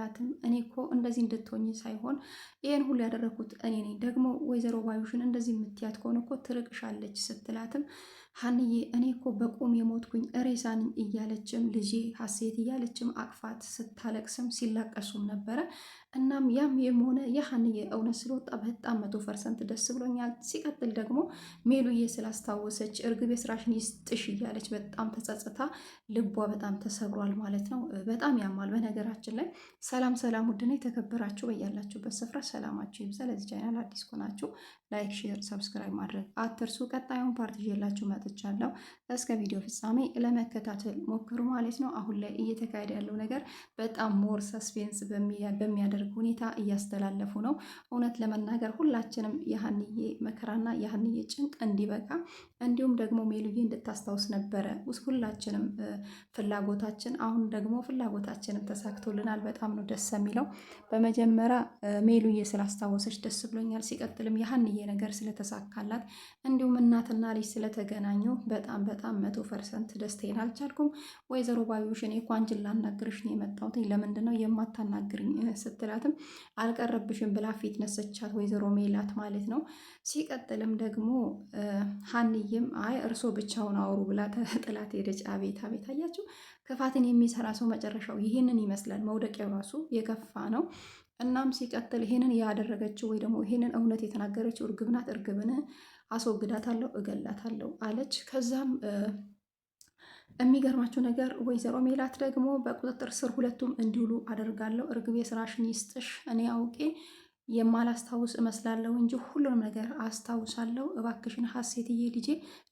አላትም። እኔ እኮ እንደዚህ እንድትሆኝ ሳይሆን ይህን ሁሉ ያደረኩት እኔ ነኝ። ደግሞ ወይዘሮ ባዩሽን እንደዚህ የምትያት ከሆነ እኮ ትርቅሻለች ስትላትም ሀንዬ እኔ እኮ በቁም የሞትኩኝ እሬሳ እያለችም ልጄ ሀሴት እያለችም አቅፋት ስታለቅስም ሲላቀሱም ነበረ። እናም ያም የሆነ የሀንዬ እውነት ስለወጣ በጣም መቶ ፐርሰንት ደስ ብሎኛል። ሲቀጥል ደግሞ ሜሉዬ ስላስታወሰች እርግብ የስራሽን ይስጥሽ እያለች በጣም ተጸጽታ ልቧ በጣም ተሰብሯል ማለት ነው። በጣም ያማል። በነገራችን ላይ ሰላም ሰላም፣ ውድና የተከበራችሁ በያላችሁበት ስፍራ ሰላማችሁ ይብዛ። ለዚህ ቻናል አዲስ ከሆናችሁ ላይክ፣ ሼር፣ ሰብስክራይብ ማድረግ አትርሱ። ቀጣዩን ፓርት ይዤላችሁ መጥቻለሁ። እስከ ቪዲዮ ፍጻሜ ለመከታተል ሞክሩ ማለት ነው። አሁን ላይ እየተካሄደ ያለው ነገር በጣም ሞር ሰስፔንስ በሚያደርግ በሚያደርግ ሁኔታ እያስተላለፉ ነው። እውነት ለመናገር ሁላችንም የሀንዬ መከራና የሀንዬ ጭንቅ እንዲበቃ እንዲሁም ደግሞ ሜሉዬ እንድታስታውስ ነበረ ሁላችንም ፍላጎታችን። አሁን ደግሞ ፍላጎታችንም ተሳክቶልናል። በጣም ነው ደስ የሚለው። በመጀመሪያ ሜሉዬ ስላስታወሰች ደስ ብሎኛል። ሲቀጥልም የሀንዬ ነገር ስለተሳካላት እንዲሁም እናትና ልጅ ስለተገናኙ በጣም በጣም መቶ ፐርሰንት ደስታዬን አልቻልኩም። ወይዘሮ ባዩሽ እኔ እኮ አንቺን ላናግርሽ ነው የመጣሁት ለምንድን ነው የማታናግርኝ? ስትል ብትላትም አልቀረብሽም ብላ ፊት ነሰቻት ወይዘሮ ሜላት ማለት ነው። ሲቀጥልም ደግሞ ሀንዬም አይ እርሶ ብቻውን አውሩ ብላ ጥላት ሄደች። አቤት አቤት አያችሁ፣ ክፋትን የሚሰራ ሰው መጨረሻው ይህንን ይመስላል። መውደቂያው ራሱ የከፋ ነው። እናም ሲቀጥል ይህንን ያደረገችው ወይ ደግሞ ይህንን እውነት የተናገረችው እርግብ ናት። እርግብን አስወግዳታለሁ፣ እገላታለሁ አለች። ከዛም የሚገርማችሁ ነገር ወይዘሮ ሜላት ደግሞ በቁጥጥር ስር ሁለቱም እንዲውሉ አደርጋለሁ። እርግቤ ስራሽን ይስጥሽ። እኔ አውቄ የማላስታውስ እመስላለሁ እንጂ ሁሉንም ነገር አስታውሳለሁ። እባክሽን ሀሴትዬ ልጄ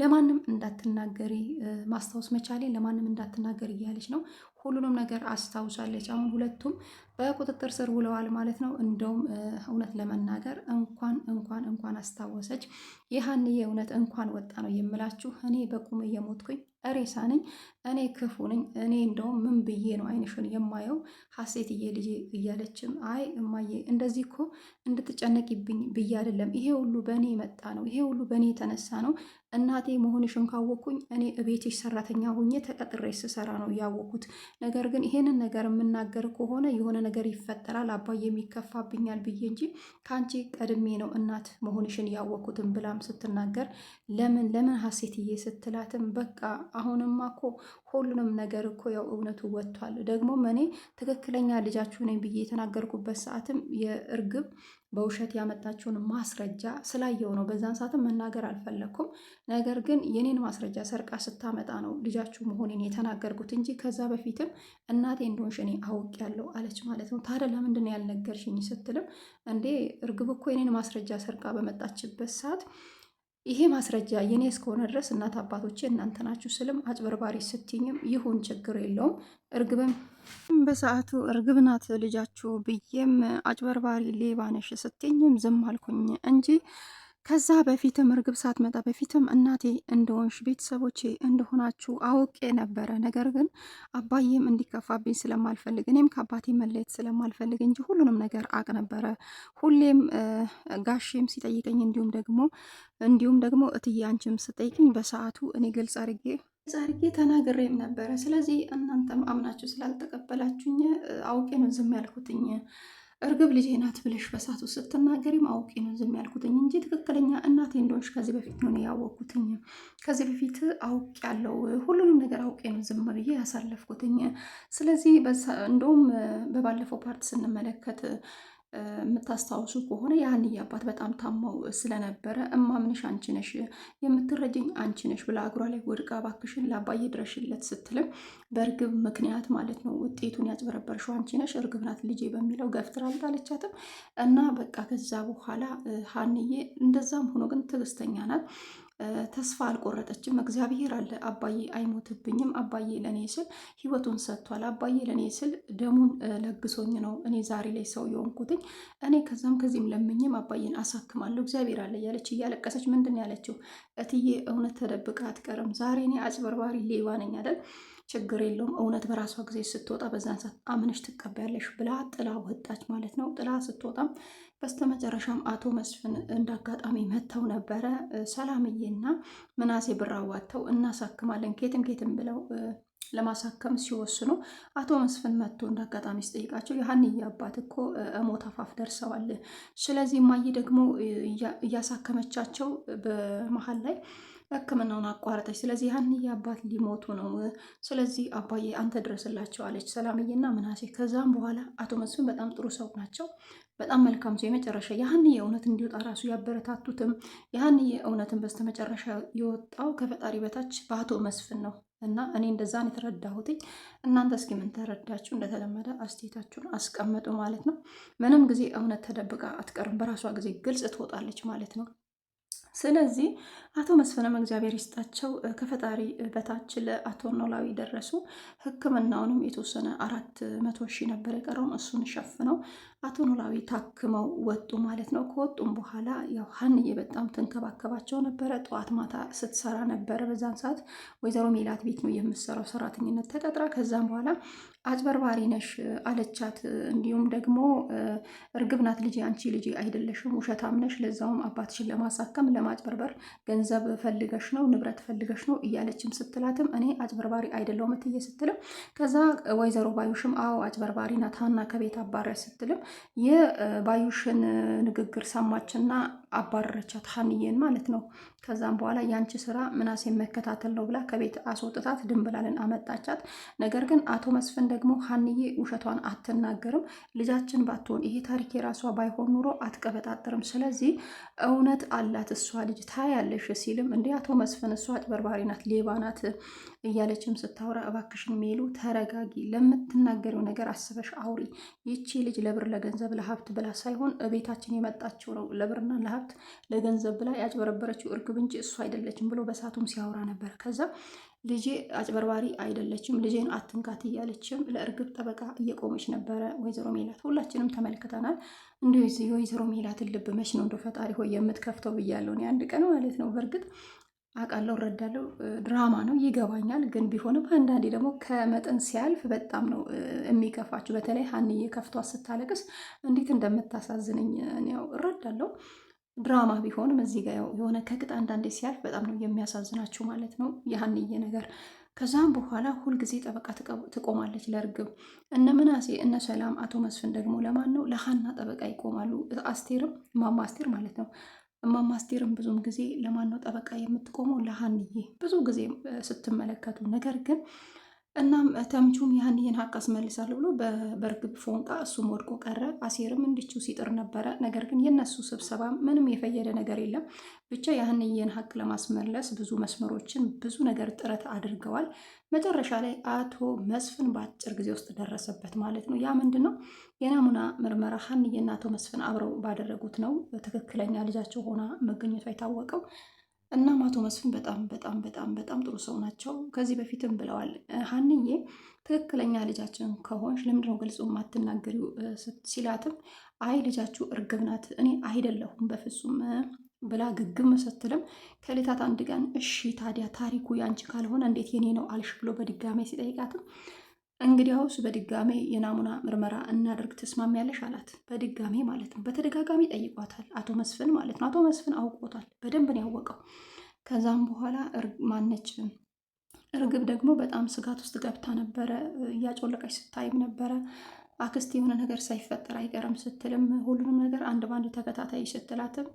ለማንም እንዳትናገሪ፣ ማስታወስ መቻሌ ለማንም እንዳትናገሪ እያለች ነው። ሁሉንም ነገር አስታውሳለች። አሁን ሁለቱም በቁጥጥር ስር ውለዋል ማለት ነው። እንደውም እውነት ለመናገር እንኳን እንኳን እንኳን አስታወሰች ይህን እውነት እንኳን ወጣ ነው የምላችሁ። እኔ በቁም እየሞትኩኝ እሬሳ ነኝ፣ እኔ ክፉ ነኝ፣ እኔ እንደውም ምን ብዬ ነው አይንሽን የማየው ሀሴትዬ ልጄ እያለችም አይ እማዬ እንደዚህ እኮ እንድትጨነቂብኝ ብዬ አይደለም፣ ይሄ ሁሉ በእኔ መጣ ነው፣ ይሄ ሁሉ በእኔ የተነሳ ነው፣ እናቴ መሆንሽን ካወቅኩኝ እኔ እቤትሽ ሰራተኛ ሆኜ ተቀጥሬ ስሰራ ነው ያወቅኩት። ነገር ግን ይሄንን ነገር የምናገር ከሆነ የሆነ ነገር ይፈጠራል፣ አባዬ የሚከፋብኛል ብዬ እንጂ ከአንቺ ቀድሜ ነው እናት መሆንሽን ያወቅኩትን ብላም ስትናገር ለምን ለምን ሀሴትዬ ስትላትም በቃ አሁንማ እኮ ሁሉንም ነገር እኮ ያው እውነቱ ወጥቷል። ደግሞም እኔ ትክክለኛ ልጃችሁ ነኝ ብዬ የተናገርኩበት ሰዓትም የእርግብ በውሸት ያመጣችውን ማስረጃ ስላየው ነው። በዛን ሰዓትም መናገር አልፈለግኩም። ነገር ግን የኔን ማስረጃ ሰርቃ ስታመጣ ነው ልጃችሁ መሆኔን የተናገርኩት እንጂ ከዛ በፊትም እናቴ እንደሆንሽ እኔ አውቄያለሁ አለች ማለት ነው። ታዲያ ለምንድን ነው ያልነገርሽኝ ስትልም እንዴ እርግብ እኮ የኔን ማስረጃ ሰርቃ በመጣችበት ሰዓት ይሄ ማስረጃ የኔ እስከሆነ ድረስ እናት አባቶቼ እናንተ ናችሁ ስልም አጭበርባሪ ስትኝም ይሁን ችግር የለውም። እርግብም በሰዓቱ እርግብ ናት ልጃችሁ ብዬም አጭበርባሪ ሌባ ነሽ ስትኝም ዝም አልኩኝ እንጂ ከዛ በፊትም እርግብ ሳትመጣ በፊትም እናቴ እንደሆንሽ ቤተሰቦቼ እንደሆናችሁ አውቄ ነበረ። ነገር ግን አባዬም እንዲከፋብኝ ስለማልፈልግ እኔም ከአባቴ መለየት ስለማልፈልግ እንጂ ሁሉንም ነገር አቅ ነበረ። ሁሌም ጋሼም ሲጠይቀኝ እንዲሁም ደግሞ እንዲሁም ደግሞ እትዬ አንቺም ስጠይቅኝ በሰዓቱ እኔ ግልጽ አድርጌ ዛሬ ተናግሬም ነበረ። ስለዚህ እናንተም አምናችሁ ስላልተቀበላችሁኝ አውቄ ነው ዝም ያልኩትኝ። እርግብ ልጄ ናት ብለሽ በሳቱ ስትናገሪም አውቄ ነው ዝም ያልኩትኝ እንጂ ትክክለኛ እናቴ እንደሆንሽ ከዚህ በፊት ነው ያወቅኩትኝ። ከዚህ በፊት አውቅ ያለው ሁሉንም ነገር አውቄ ነው ዝም ብዬ ያሳለፍኩትኝ። ስለዚህ እንደውም በባለፈው ፓርት ስንመለከት የምታስታውሱ ከሆነ የሀንዬ አባት በጣም ታማው ስለነበረ እማምንሽ አንቺ ነሽ የምትረጅኝ አንቺ ነሽ ብላ እግሯ ላይ ወድቃ እባክሽን ለአባዬ ድረሽለት ስትልም በእርግብ ምክንያት ማለት ነው ውጤቱን ያጭበረበርሽው አንቺ ነሽ እርግብ ናት ልጄ በሚለው ገፍትራል አለቻትም እና በቃ ከዛ በኋላ ሀንዬ እንደዛም ሆኖ ግን ትዕግስተኛ ናት ተስፋ አልቆረጠችም። እግዚአብሔር አለ። አባዬ አይሞትብኝም፣ አባዬ ለእኔ ስል ህይወቱን ሰጥቷል፣ አባዬ ለእኔ ስል ደሙን ለግሶኝ ነው እኔ ዛሬ ላይ ሰው የሆንኩትኝ። እኔ ከዛም ከዚህም ለምኝም አባዬን አሳክማለሁ፣ እግዚአብሔር አለ እያለች እያለቀሰች ምንድን ያለችው እትዬ እውነት ተደብቃ አትቀርም። ዛሬ እኔ አጭበርባሪ ሌባ ነኝ አይደል? ችግር የለውም እውነት በራሷ ጊዜ ስትወጣ በዛን ሰዓት አምነሽ ትቀበያለሽ ብላ ጥላ ወጣች ማለት ነው። ጥላ ስትወጣም በስተመጨረሻም አቶ መስፍን እንዳጋጣሚ መጥተው ነበረ። ሰላምዬና ምናሴ ብር አዋጥተው እናሳክማለን ኬትም ኬትም ብለው ለማሳከም ሲወስኑ አቶ መስፍን መጥቶ እንዳጋጣሚ ስጠይቃቸው የሀንዬ አባት እኮ እሞት አፋፍ ደርሰዋል። ስለዚህ እማዬ ደግሞ እያሳከመቻቸው በመሀል ላይ ሕክምናውን አቋረጠች። ስለዚህ ሀንዬ አባት ሊሞቱ ነው። ስለዚህ አባዬ አንተ ድረስላቸው አለች ሰላምዬና ምናሴ። ከዛም በኋላ አቶ መስፍን በጣም ጥሩ ሰው ናቸው። በጣም መልካም ሰው የመጨረሻ ያህን እውነት እንዲወጣ ራሱ ያበረታቱትም የሀንዬ እውነትን በስተመጨረሻ የወጣው ከፈጣሪ በታች በአቶ መስፍን ነው እና እኔ እንደዛን የተረዳሁት እናንተ እስኪ ምን ተረዳችሁ? እንደተለመደ አስተያየታችሁን አስቀምጡ ማለት ነው። ምንም ጊዜ እውነት ተደብቃ አትቀርም፣ በራሷ ጊዜ ግልጽ ትወጣለች ማለት ነው። ስለዚህ አቶ መስፍንም እግዚአብሔር ይስጣቸው ከፈጣሪ በታች ለአቶ ኖላዊ ደረሱ። ሕክምናውንም የተወሰነ አራት መቶ ሺህ ነበር የቀረውን እሱን ሸፍነው አቶ ኖላዊ ታክመው ወጡ ማለት ነው። ከወጡም በኋላ ያው ሀንዬ በጣም ትንከባከባቸው ነበረ። ጠዋት ማታ ስትሰራ ነበረ። በዛን ሰዓት ወይዘሮ ሜላት ቤት ነው የምሰራው ሰራተኝነት ተቀጥራ ከዛም በኋላ አጭበርባሪ ነሽ አለቻት። እንዲሁም ደግሞ እርግብ ናት ልጄ፣ አንቺ ልጅ አይደለሽም፣ ውሸታም ነሽ፣ ለዛውም አባትሽን ለማሳከም ለማጭበርበር ገንዘብ ፈልገሽ ነው፣ ንብረት ፈልገሽ ነው እያለችም ስትላትም እኔ አጭበርባሪ አይደለሁም እትዬ ስትልም ከዛ ወይዘሮ ባዩሽም አዎ አጭበርባሪ ናት ሀና ከቤት አባሪያ ስትልም ባዩሽን ንግግር ሰማችና አባረረቻት ሀንዬን ማለት ነው። ከዛም በኋላ ያንቺ ስራ ምናሴን መከታተል ነው ብላ ከቤት አስወጥታት ድንብላልን አመጣቻት። ነገር ግን አቶ መስፍን ደግሞ ሀንዬ ውሸቷን አትናገርም፣ ልጃችን ባትሆን ይሄ ታሪክ የራሷ ባይሆን ኑሮ አትቀበጣጥርም፣ ስለዚህ እውነት አላት እሷ ልጅ ታያለሽ ሲልም እንዲህ አቶ መስፍን እሷ አጭበርባሪ ናት፣ ሌባ ናት እያለችም ስታወራ፣ እባክሽን ሜሉ ተረጋጊ፣ ለምትናገሪው ነገር አስበሽ አውሪ። ይቺ ልጅ ለብር ለገንዘብ ለሀብት ብላ ሳይሆን እቤታችን የመጣችው ነው ለብርና ለሀብት ለገንዘብ ብላ ያጭበረበረችው እርግብ እንጂ እሱ አይደለችም ብሎ በሳቱም ሲያወራ ነበር። ከዛ ልጄ አጭበርባሪ አይደለችም፣ ልጄን አትንካት እያለችም ለእርግብ ጠበቃ እየቆመች ነበረ ወይዘሮ ሜላት። ሁላችንም ተመልክተናል። እንዲሁ የወይዘሮ ሜላትን ልብ መች ነው እንደ ፈጣሪ ሆይ የምትከፍተው ብያለሁ አንድ ቀን ማለት ነው በእርግጥ አውቃለሁ፣ እረዳለሁ። ድራማ ነው ይገባኛል። ግን ቢሆንም አንዳንዴ ደግሞ ከመጠን ሲያልፍ በጣም ነው የሚከፋችሁ። በተለይ ሀንዬ ከፍቷ ስታለቅስ እንዴት እንደምታሳዝነኝ ያው እረዳለሁ። ድራማ ቢሆንም እዚህ ጋር የሆነ ከቅጥ አንዳንዴ ሲያልፍ በጣም ነው የሚያሳዝናችሁ ማለት ነው የሀንዬ ነገር። ከዛም በኋላ ሁልጊዜ ጠበቃ ትቆማለች ለእርግብ። እነ ምናሴ እነ ሰላም አቶ መስፍን ደግሞ ለማን ነው? ለሀና ጠበቃ ይቆማሉ። አስቴርም ማማ አስቴር ማለት ነው እማማ አስቴርም ብዙም ጊዜ ለማን ነው ጠበቃ የምትቆመው? ለሀንዬ ብዙ ጊዜ ስትመለከቱ ነገር ግን እናም ተምቹም ያን ይህን ሀቅ አስመልሳለሁ ብሎ በበርግብ ፎንቃ እሱም ወድቆ ቀረ። አሴርም እንድችው ሲጥር ነበረ። ነገር ግን የነሱ ስብሰባ ምንም የፈየደ ነገር የለም። ብቻ ያህን ይህን ሀቅ ለማስመለስ ብዙ መስመሮችን ብዙ ነገር ጥረት አድርገዋል። መጨረሻ ላይ አቶ መስፍን በአጭር ጊዜ ውስጥ ደረሰበት ማለት ነው። ያ ምንድን ነው? የናሙና ምርመራ ሀንዬና አቶ መስፍን አብረው ባደረጉት ነው ትክክለኛ ልጃቸው ሆና መገኘቷ የታወቀው። እናም አቶ መስፍን በጣም በጣም በጣም በጣም ጥሩ ሰው ናቸው። ከዚህ በፊትም ብለዋል፣ ሀንዬ ትክክለኛ ልጃችን ከሆንሽ ለምንድነው ገልጾ የማትናገሪው ሲላትም አይ ልጃችሁ እርግብ ናት እኔ አይደለሁም በፍጹም ብላ ግግም ስትልም ከሌታት አንድ ቀን እሺ ታዲያ ታሪኩ ያንቺ ካልሆነ እንዴት የኔ ነው አልሽ ብሎ በድጋሚ ሲጠይቃትም እንግዲያውስ በድጋሜ የናሙና ምርመራ እናደርግ ትስማሚያለሽ አላት። በድጋሜ ማለት ነው። በተደጋጋሚ ጠይቋታል አቶ መስፍን ማለት ነው። አቶ መስፍን አውቆታል፣ በደንብ ነው ያወቀው። ከዛም በኋላ ማነች እርግብ ደግሞ በጣም ስጋት ውስጥ ገብታ ነበረ። እያጮለቀች ስታይም ነበረ አክስት የሆነ ነገር ሳይፈጠር አይቀርም ስትልም ሁሉንም ነገር አንድ በአንድ ተከታታይ ስትላትም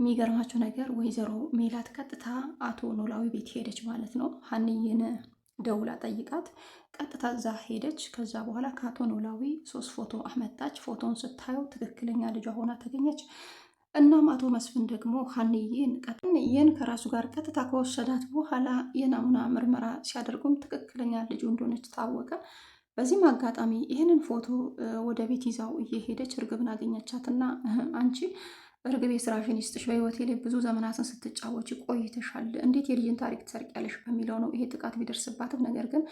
የሚገርማቸው ነገር ወይዘሮ ሜላት ቀጥታ አቶ ኖላዊ ቤት ሄደች ማለት ነው። ሀንዬን ደውላ ጠይቃት ቀጥታ እዛ ሄደች። ከዛ በኋላ ከአቶ ኖላዊ ሶስት ፎቶ አመጣች። ፎቶን ስታየው ትክክለኛ ልጇ ሆና ተገኘች። እናም አቶ መስፍን ደግሞ ሀንዬን ከራሱ ጋር ቀጥታ ከወሰዳት በኋላ የናሙና ምርመራ ሲያደርጉም ትክክለኛ ልጁ እንደሆነች ታወቀ። በዚህም አጋጣሚ ይህንን ፎቶ ወደ ቤት ይዛው እየሄደች እርግብን አገኘቻትና አንቺ እርግብ ስራሽን ይስጥሽ፣ በህይወቴ ላይ ብዙ ዘመናትን ስትጫወች ቆይተሻል። እንዴት የልጅን ታሪክ ትሰርቅ ያለሽ በሚለው ነው ይሄ ጥቃት ቢደርስባትም ነገር ግን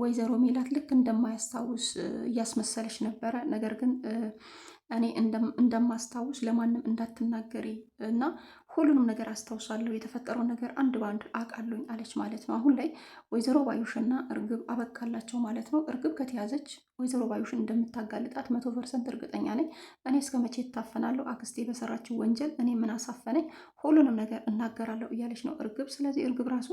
ወይዘሮ ሜላት ልክ እንደማያስታውስ እያስመሰለች ነበረ። ነገር ግን እኔ እንደማስታውስ ለማንም እንዳትናገሪ እና ሁሉንም ነገር አስታውሳለሁ፣ የተፈጠረው ነገር አንድ በአንድ አውቃለሁኝ አለች ማለት ነው። አሁን ላይ ወይዘሮ ባዩሽና እርግብ አበቃላቸው ማለት ነው። እርግብ ከተያዘች ወይዘሮ ባዩሽን እንደምታጋልጣት መቶ ፐርሰንት እርግጠኛ ነኝ። እኔ እስከ መቼ እታፈናለሁ? አክስቴ በሰራችው ወንጀል እኔ ምን አሳፈነኝ? ሁሉንም ነገር እናገራለሁ እያለች ነው እርግብ። ስለዚህ እርግብ ራሱ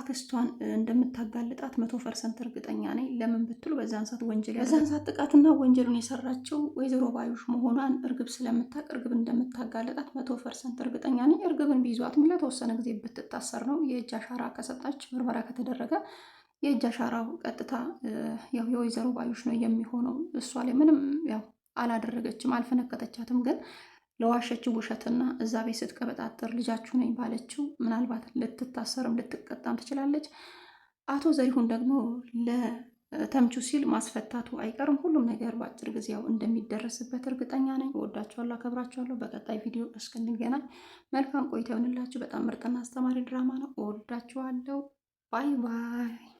አክስቷን እንደምታጋልጣት መቶ ፐርሰንት እርግጠኛ ነኝ። ለምን ብትሉ በዛን ሰዓት ወንጀል በዛን ሰዓት ጥቃትና ወንጀሉን የሰራችው ወይዘሮ ባዩሽ መሆኗን እርግብ ስለምታቅ እርግብ እንደምታጋልጣት መቶ ፐርሰንት እርግጠኛ ነኝ። በተቃራኒ እርግብን ቢይዟትም ለተወሰነ ጊዜ ብትታሰር ነው። የእጅ አሻራ ከሰጣች ምርመራ ከተደረገ የእጅ አሻራው ቀጥታ ያው የወይዘሮ ባዩሽ ነው የሚሆነው። እሷ ላይ ምንም ያው አላደረገችም፣ አልፈነከተቻትም። ግን ለዋሸችው ውሸትና እዛ ቤት ስትቀበጣጥር ልጃችሁ ነኝ ባለችው ምናልባት ልትታሰርም ልትቀጣም ትችላለች። አቶ ዘሪሁን ደግሞ ለ ተምቹ ሲል ማስፈታቱ አይቀርም። ሁሉም ነገር በአጭር ጊዜ ያው እንደሚደረስበት እርግጠኛ ነኝ። ወዳችኋለሁ፣ አከብራችኋለሁ። በቀጣይ ቪዲዮ እስክንገናኝ መልካም ቆይታ ይሆንላችሁ። በጣም ምርጥና አስተማሪ ድራማ ነው። ወዳችኋለሁ። ባይ ባይ